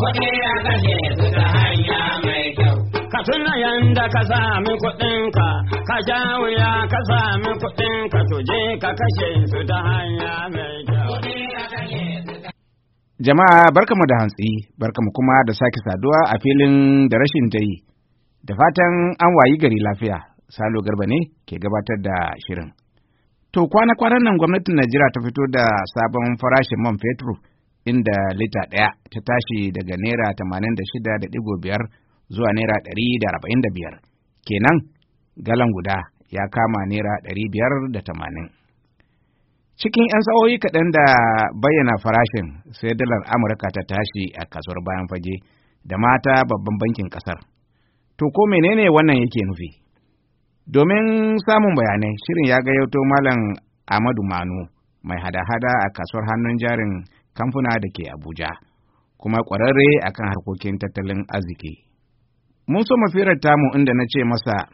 Kuɗi kashe tuna yanda ka sami kuɗinka, ka ja wuya ka kuɗinka, kashe su ta hanya mai kyau. Jama'a barkamu da hantsi, barkamu kuma da sake saduwa a filin da rashin ta yi. Da fatan an wayi gari lafiya, Salo Garba ne ke gabatar da shirin. To kwana-kwanan nan gwamnatin Najeriya ta fito da sabon farashin man fetur. inda lita ɗaya ta tashi daga naira tamanin da shida da ɗigo biyar zuwa naira ɗari da arba'in da biyar kenan galan guda ya kama naira ɗari biyar da tamanin. Cikin 'yan sa'o'i kaɗan da bayyana farashin sai dalar Amurka ta tashi a kasuwar bayan fage da mata babban bankin ƙasar. To ko menene wannan yake nufi? Domin samun bayanai, shirin ya gayyato Malam Amadu Manu mai hada-hada a kasuwar hannun jarin kamfuna da ke Abuja, kuma ƙwararre a kan harkokin tattalin arziki. Mun so mafirar tamu inda na ce masa,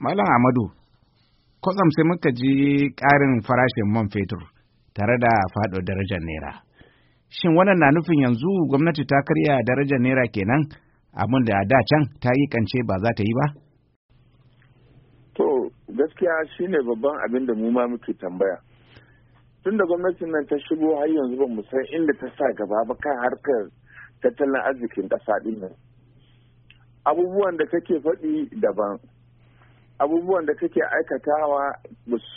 Malam Amadu, kwatsam sai muka ji ƙarin farashin man fetur tare da faɗo darajar Naira. Shin wannan na nufin yanzu gwamnati ta karya darajar Naira kenan abin da da can ta yi kance ba za ta yi ba? To, gaskiya shine babban abin da mu ma muke tambaya. tun da gwamnatin nan ta shigo har yanzu ba mu san inda ta sa gaba ba kan harkar tattalin arzikin ƙasa ɗin nan abubuwan da kake faɗi daban abubuwan da kake aikatawa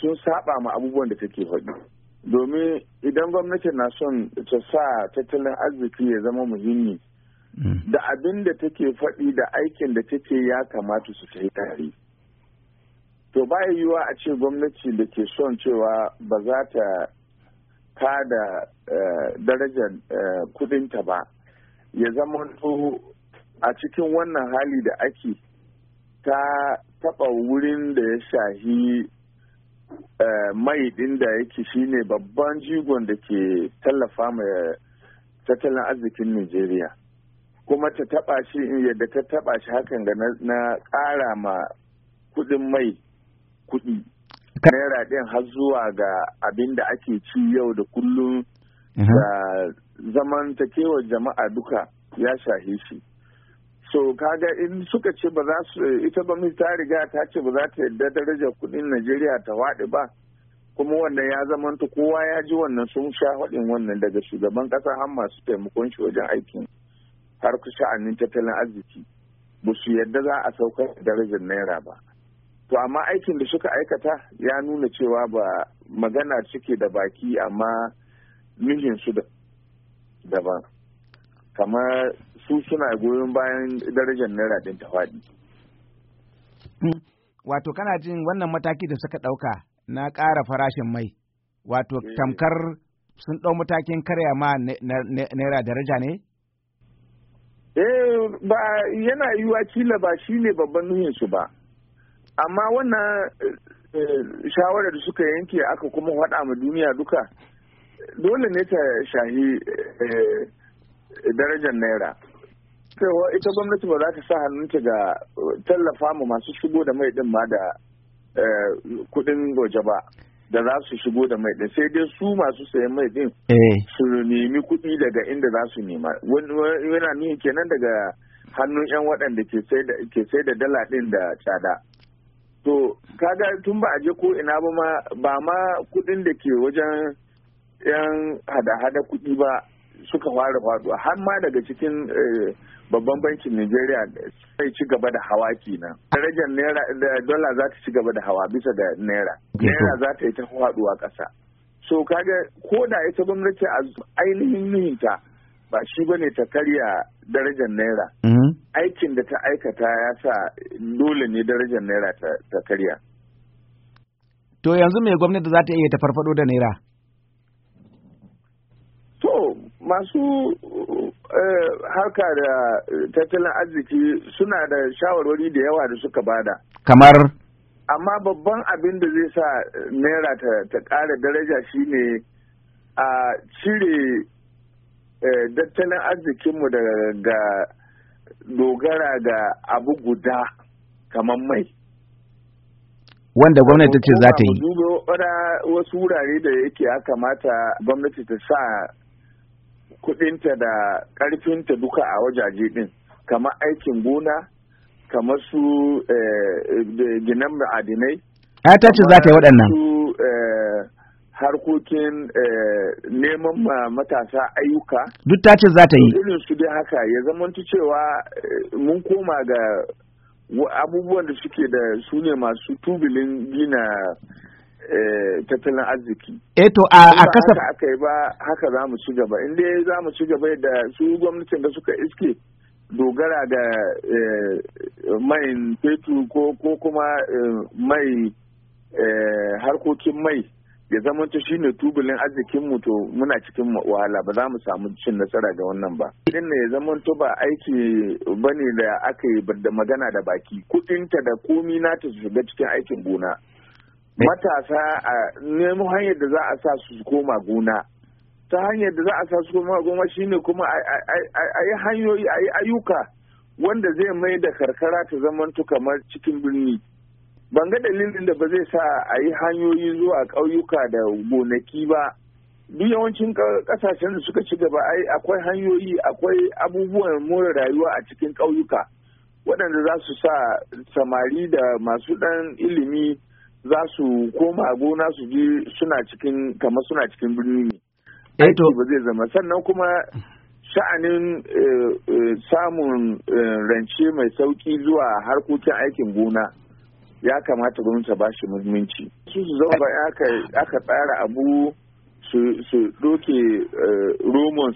sun saba ma abubuwan da kake faɗi domin idan gwamnati na son ta sa tattalin arziki ya zama muhimmi mm. da abin da take faɗi da aikin da take ya kamata su ta yi tare to baya yiwuwa a ce gwamnati da ke son cewa ba za ta kada eh, darajar eh, kudinta ba ya zama a cikin wannan hali da ake ta taba wurin da ya shahi eh, mai din da yake shine babban jigon da ke tallafa mai tattalin arzikin Najeriya kuma ta taba shi yadda ta taba shi hakan ga na ƙara ma kudin mai kuɗi naira ɗin har zuwa ga abin da ake ci yau da kullum mhm. da jama'a duka ya shahe shi so kaga in suka ce ba za su ita ba ta riga ta ce ba za ta yarda darajar kuɗin najeriya ta waɗe ba kuma wannan ya zamanta kowa ya ji wannan sun sha haɗin wannan daga shugaban ƙasa har masu taimakon shi wajen aikin harkar sha'anin tattalin arziki ba su yadda za a saukar darajar naira ba to amma aikin da suka aikata ya nuna cewa ba magana suke da baki amma mijinsu daban kamar su suna goyon bayan darajar naira ɗin ta wato kana jin wannan mataki da suka ɗauka na ƙara farashin mai wato eh. tamkar sun ɗau matakin karya ma naira daraja ne? Eh ba yana yiwa kila ba shi ne babban su ba. amma wannan eh, eh, shawarar da suka yanke aka kuma faɗa ma duniya duka dole ne ta shahi eh, darajar naira cewa ita gwamnati ba za ta sa hannunta ga tallafa mu masu shigo da mai din ma da kudin waje ba da za su shigo da mai din sai dai su masu sayan mai din su nemi kudi daga inda za su nema yana nuni kenan daga hannun 'yan waɗanda ke sai da dala din da tsada to kaga tun ba a je ko ina ba ma ba ma kudin da ke wajen yan hada-hada kudi ba suka fara faduwa har ma daga cikin eh, babban bankin Najeriya sai ci gaba da hawa kenan. Darajar naira da dola za ta ci gaba da hawa bisa da naira. Naira za ta yi ta faduwa ƙasa. So kaga ko da ita gwamnati a ainihin nuhinta ba shi ba ta karya darajar naira mm-hmm. aikin da ta aikata ya sa dole ne darajar naira ta karya to yanzu me gwamnati za ta iya ta farfado da naira to masu eh, harka da tattalin arziki suna da shawarwari da yawa da suka bada kamar amma babban abin da zai sa naira ta ƙara daraja shine a cire Eh, tattalin arzikinmu daga dogara ga abu guda kamar mai wanda gwamnati ce za ta yi wasu wurare da yake ya kamata gwamnati ta sa kudinta da karfinta duka a wajaje din kamar aikin gona kamar su eh, ginan ma'adinai ya ta ce za ta yi waɗannan harkokin eh, neman matasa ayyuka duk ta ce za ta yi irin su dai haka ya zamantu cewa eh, mun koma ga abubuwan da suke da su ne masu tubulin gina eh, tattalin arziki. E to a kasa aka yi ba haka za mu ci gaba inda za mu ci gaba da su gwamnatin da suka iske dogara da mai fetur ko kuma mai harkokin mai ya zamanto shi ne tubulin arzikin mu to muna cikin wahala ba za mu samu cin nasara ga wannan ba idan ne ya zamanto ba aiki bane da aka yi da magana da baki kudinta da komi na ta shiga cikin aikin gona eh. matasa a nemo hanyar da za a sa su koma gona ta hanyar da za a sa su koma gona shine kuma a yi hanyoyi a yi ayyuka wanda zai mai da karkara ta zamanto kamar cikin birni ban ga dalilin da ba zai sa a yi hanyoyi zuwa ƙauyuka da gonaki ba duk yawancin kasashen da suka ci gaba akwai hanyoyi akwai abubuwan more rayuwa a cikin ƙauyuka waɗanda za su sa samari da masu ɗan ilimi za su koma gona su ji suna cikin kamar suna cikin birni ne eh, aiki ba zai zama sannan kuma sha'anin eh, eh, samun rance mai sauki zuwa harkokin aikin gona ya kamata gwamnati ta bashi muhimmanci su su zauna aka aka tsara abu su doke eh, roman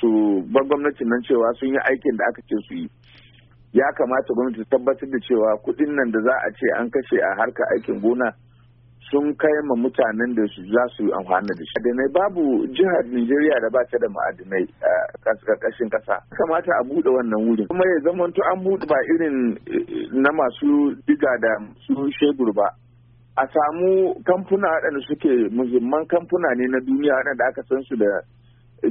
su ban gwamnatin nan cewa sun yi aikin da aka ce su yi ya kamata gwamnati ta tabbatar da cewa kuɗin nan da za a ce an kashe a harkar aikin gona sun kai ma mutanen da za su yi amfani da shi. babu jihar Nijeriya da ba ta da ma'adinai a ƙarƙashin ƙasa. Kamata a buɗe wannan wurin. Kuma ya zamanto an buɗe ba irin eh, na masu diga da su shegur ba. A samu kamfuna waɗanda suke muhimman kamfuna ne na duniya waɗanda aka san su da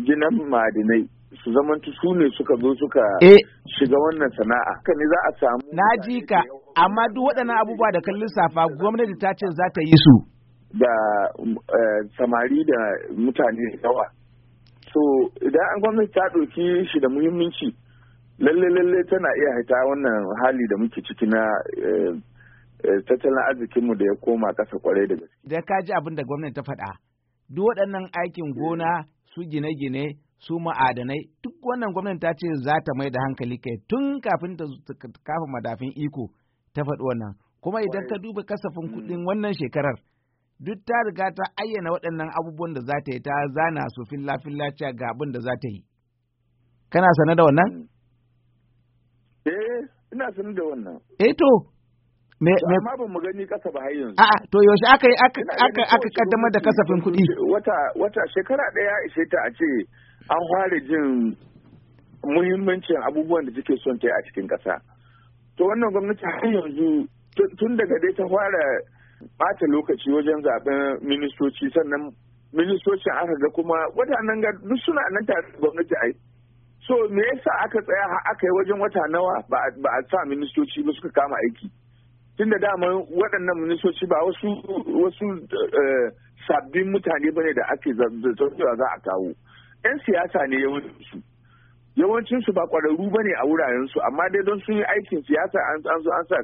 jinan ma'adinai. su zamantu su ne suka zo suka eh. shiga wannan sana'a. Haka ne za a samu. Na ji ka amma duk waɗannan abubuwa da kan lissafa gwamnati ta ce za ta yi su da eh, samari da mutane da yawa so idan an gwamnati ta ɗauki shi da muhimmanci lalle lalle tana iya haita wannan hali da muke ciki na eh, eh, tattalin arzikinmu da ya koma ƙasa kwarai da gaske da ka ji abin da gwamnati ta faɗa duk waɗannan aikin gona su gine-gine su ma'adanai duk wannan gwamnati ta ce za ta mai da hankali kai tun kafin ta kafa madafin iko ta faɗi wannan kuma idan ka duba kasafin mm. kuɗin wannan shekarar duk ta riga ta ayyana waɗannan abubuwan da za ta yi ta zana su filla filla ga abin da za ta yi kana sane da wannan mm. eh ina sane da wannan eh to me me amma ban mu gani kasa ba har yanzu a'a to yaushe aka yi aka aka kaddamar da kasafin kuɗi wata wata shekara daya ishe ta a ce an fara jin muhimmancin abubuwan da take son ta yi a cikin ƙasa to wannan gwamnati har yanzu tun daga dai ta fara bata lokaci wajen zaben ministoci sannan ministocin aka ga kuma nan ga duk suna nan tare da gwamnati ai so me yasa aka tsaya aka yi wajen wata nawa ba a sa ministoci ba suka kama aiki tun da dama waɗannan ministoci ba wasu wasu eh, sabbin mutane bane da ake zazzabewa za a kawo 'yan siyasa ne yawanci su yawancin su ba kwararru bane a wuraren su amma dai don sun yi aikin siyasa an an zo an sa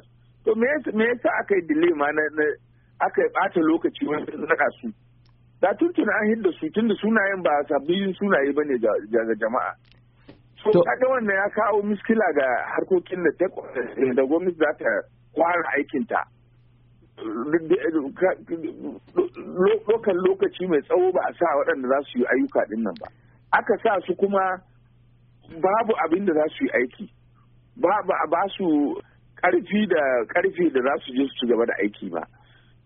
to me me yasa aka yi delay ma na aka bata lokaci wajen na su da tuntuna an hidda su da sunayen ba sabbin sunaye bane ga jama'a to kaga wannan ya kawo miskila ga harkokin da da gwamnati za ta kwara aikinta lokan lokaci mai tsawo ba a sa waɗanda za su yi ayyuka ɗin nan ba aka sa su kuma babu abin da za su yi aiki ba ba su karfi da karfi da za su je su gaba da aiki ba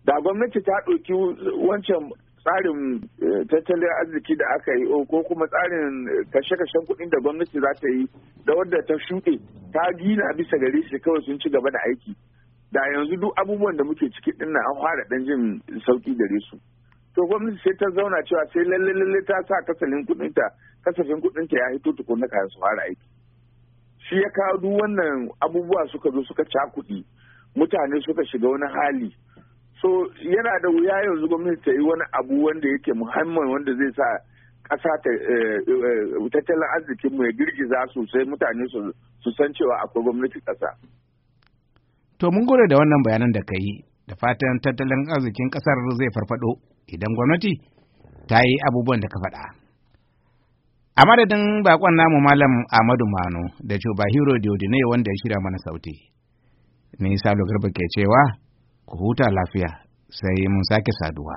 da gwamnati ta ɗauki wancan tsarin eh, tattalin arziki da aka yi ko kuma tsarin kashe-kashen kuɗin da gwamnati za ta yi da wadda ta shuɗe ta gina bisa gare shi kawai sun ci gaba da aiki da yanzu duk abubuwan da muke ciki ɗin an fara ɗan jin sauƙi gare su. to gwamnati sai ta zauna cewa sai lalle lalle ta sa kasafin ta kasafin ta ya hito na kayan su fara aiki shi ya kawo duk wannan abubuwa suka zo suka cakuɗi mutane suka shiga wani hali so yana da wuya yanzu gwamnati ta yi wani abu wanda yake Muhammad, wanda zai sa ƙasa ta eh, eh, tattalin arzikin mu ya girgiza sosai mutane su san cewa akwai gwamnati kasa To mun gode da wannan bayanan da ka yi da fatan tattalin arzikin kasar zai farfado. idan gwamnati ta yi abubuwan da ka faɗa. A madadin baƙon namu Malam Ahmadu Mano da Cuba Hero Diodine wanda ya shirya mana sauti. Ni Salo Garba ke cewa ku huta lafiya sai mun sake saduwa.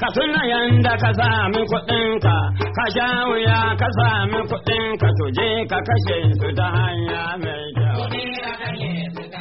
Ka tuna yanda ka sami kuɗinka, ka sha wuya ka sami kuɗinka, to je ka kashe su ta hanya mai kyau.